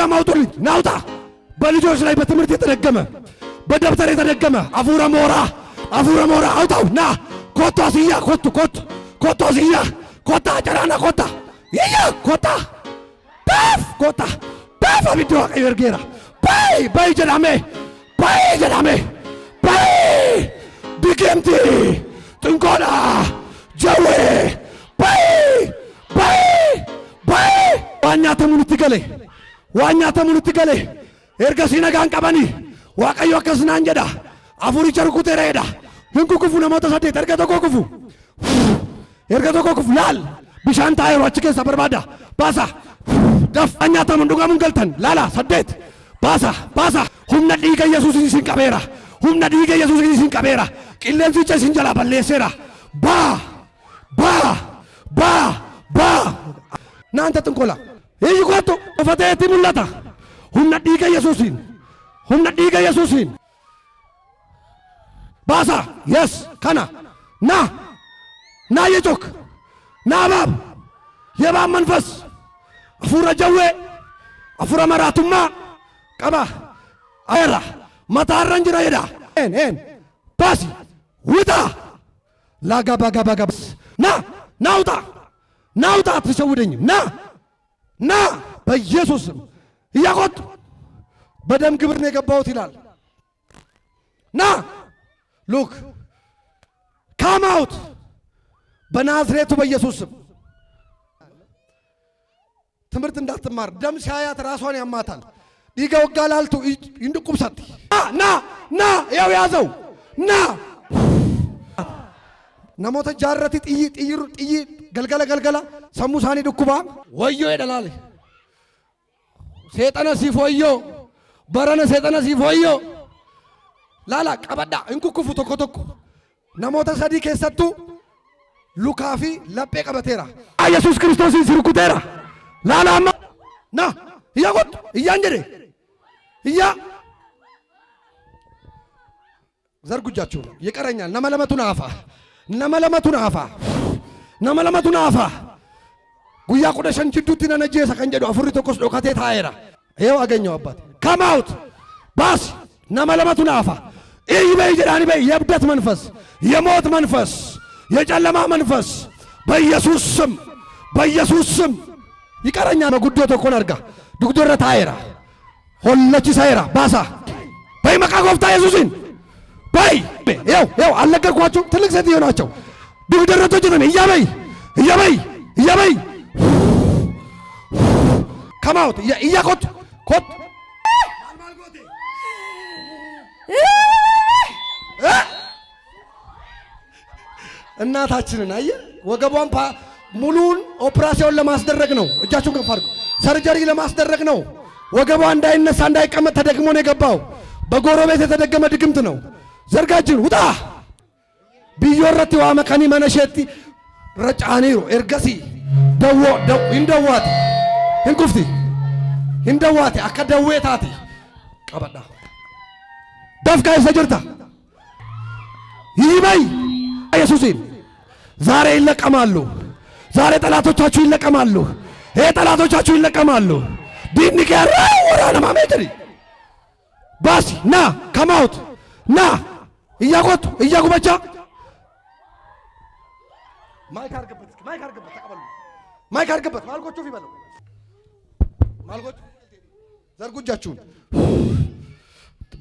ጸጋም አውጡልኝ ናውጣ። በልጆች ላይ በትምህርት የተደገመ በደብተር የተደገመ አፉረ ሞራ አፉረ ሞራ አውጣው ና ኮቶ ሲያ ኮቶ ኮቶ ኮቶ ሲያ ኮታ ጨራና ኮታ ይያ ኮታ ፓፍ ኮታ ፓፍ አብዲዋ ቀይርጌራ ባይ ባይ ጀላሜ ባይ ጀላሜ ባይ ድግምቲ ጥንቆላ ጀዌ ባይ ባይ ባይ ዋኛ ተሙን ትገለይ ዋኛተ ሙሉት ገሌ ኤርገሲ ነጋን ቀበኒ ዋቀዮ አከስናን ጀዳ አፉሪ ቸርኩ ተረዳ ህንኩ ክፉ ነሞተ ሰዴት ኤርገ ተኮ ክፉ ኤርገ ተኮ ክፉ ላል ብሻን ታይሮ አቺ ኬሳ በርባዳ ባሳ ደፍ ዋኛተ ሙን ዱጋሙን ገልተን ላላ ሰዴት ባሳ ባሳ ሁምነ ዲገ ኢየሱስ ሲንቀበራ ሁምነ ዲገ ኢየሱስ ሲንቀበራ ቂሌንሲቸ ሲንጀላ በሌሴራ ባ ባ ባ ባ እናንተ ጥንቆላ Hii kwattu ofateetti mul'ata. Humna dhiiga Yesuusiin. Humna dhiiga Yesuusiin. Baasa. Yes. Kana. Na. Na የጮክ ና እባብ የእባብ መንፈስ አፉረ ጀዌ አፉረ መራቱማ ቀባ አየራ መታረን ጅራ ሄዳ ኤን ኤን ባሲ ውጣ ላጋባጋባጋባስ ና ናውጣ ናውጣ አትሸውደኝም ና ና በኢየሱስም እያቆጥ በደም ግብር ነው የገባሁት ይላል። ና ሉክ ካማውት በናዝሬቱ በኢየሱስም ትምህርት እንዳትማር ደም ሲያያት ራሷን ያማታል። ይገውጋላልቱ ይንድቁም ሰጥ ና ና ያው ያዘው ና ነሞተ ጃረቲ ጥይ ጥይ ገልገለ ገልገላ ሰሙሳኒ ሳኒ ድኩባ ወዮ ይደላል ሴጠነ ሲፍ ወዮ በረነ ሴጠነ ሲፍ ላላ ቀበዳ እንኩኩፉ ቶኮ ቶኮ ነሞተ ሰዲ ኬሰቱ ሉካፊ ለጴ ቀበቴራ ኢየሱስ ክርስቶስን ሲርኩቴራ ላላ ማ ና እያጎጥ እያንጀሬ እያ ዘርጉጃችሁ ይቀረኛል ነመለመቱን አፋ ነመለመቱን አፋ ነመለመቱን አፋ guyyaa kudha shan jidduutti nan ajjeesa kan jedhu afurri tokkos dhokatee taa'eera. Yoo agenyo abbaate kamaawut baas nama lamatu naafa iyi በይ jedhaani በይ የእብደት መንፈስ፣ የሞት መንፈስ፣ የጨለማ መንፈስ በኢየሱስ ስም በኢየሱስ ስም ይቀረኛ መጉዶ tokkon arga dugdurra taa'eera hollachiseera ባሳ በይ መቃ ጎፍታ ኢየሱስን በይ ይኸው ይኸው አልነገርኳችሁ ትልቅ ሴትዮ ናቸው። ድግደረቶች እያበይ እያበይ እያበይ ከማውት እያኮት ኮት እናታችንን አየ ወገቧን ሙሉን ኦፕራሲዮን ለማስደረግ ነው። እጃችሁን ከፍ አድርጉ። ሰርጀሪ ለማስደረግ ነው። ወገቧ እንዳይነሳ እንዳይቀመጥ ተደግሞ ነው የገባው። በጎረቤት የተደገመ ድግምት ነው። ዘርጋጅን ውጣ ቢዮረት ዋ መካኒ መነሸቲ ረጫኒሩ ኤርገሲ ደዎ ደው እንኩፍቲ ಹಿಂದವಾತೆ አከ ದವ್ವೇ ತಾತಿ ቀበዳ ደፍቃ ይሰጅርታ ይበይ ኢየሱስን ዛሬ ይለቀማሉ። ዛሬ ጠላቶቻችሁ ይለቀማሉ። ይሄ ጠላቶቻችሁ ይለቀማሉ። ዲንቄራ ወራና ማሜትሪ ባስ ና ከማውት ና እያቆጡ እያጉበቻ ማይክ አርግበት ማይክ አርግበት ተቀበሉ ማይክ አርግበት ማልኮቹ ይበሉ ማልጎች ዘርጉ እጃችሁን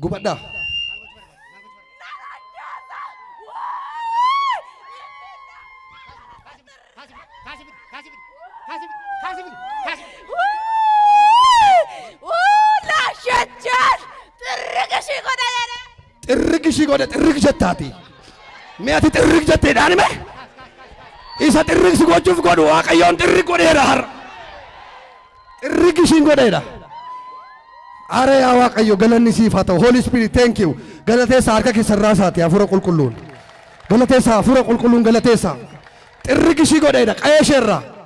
ጉበዳ ጥርግሽ ጎደ ጥርግ ጀታቲ ሚያቲ ጥርግ ጀቴ ዳንመ ኢሰ ጥርግ ስጎጁፍ ጎዱ ዋቀዮን ጥርግ ጎደ ሄዳሃር irrigi ishiin godheedha. Aare yaa Waaqayyo galanni siif haa ta'u. Holy Spirit thank you. Galateessa harka keessarraa isaati hafuura qulqulluun. Galateessa hafuura qulqulluun galateessa. Xirrigi ishii godheedha. Qayya isheerraa.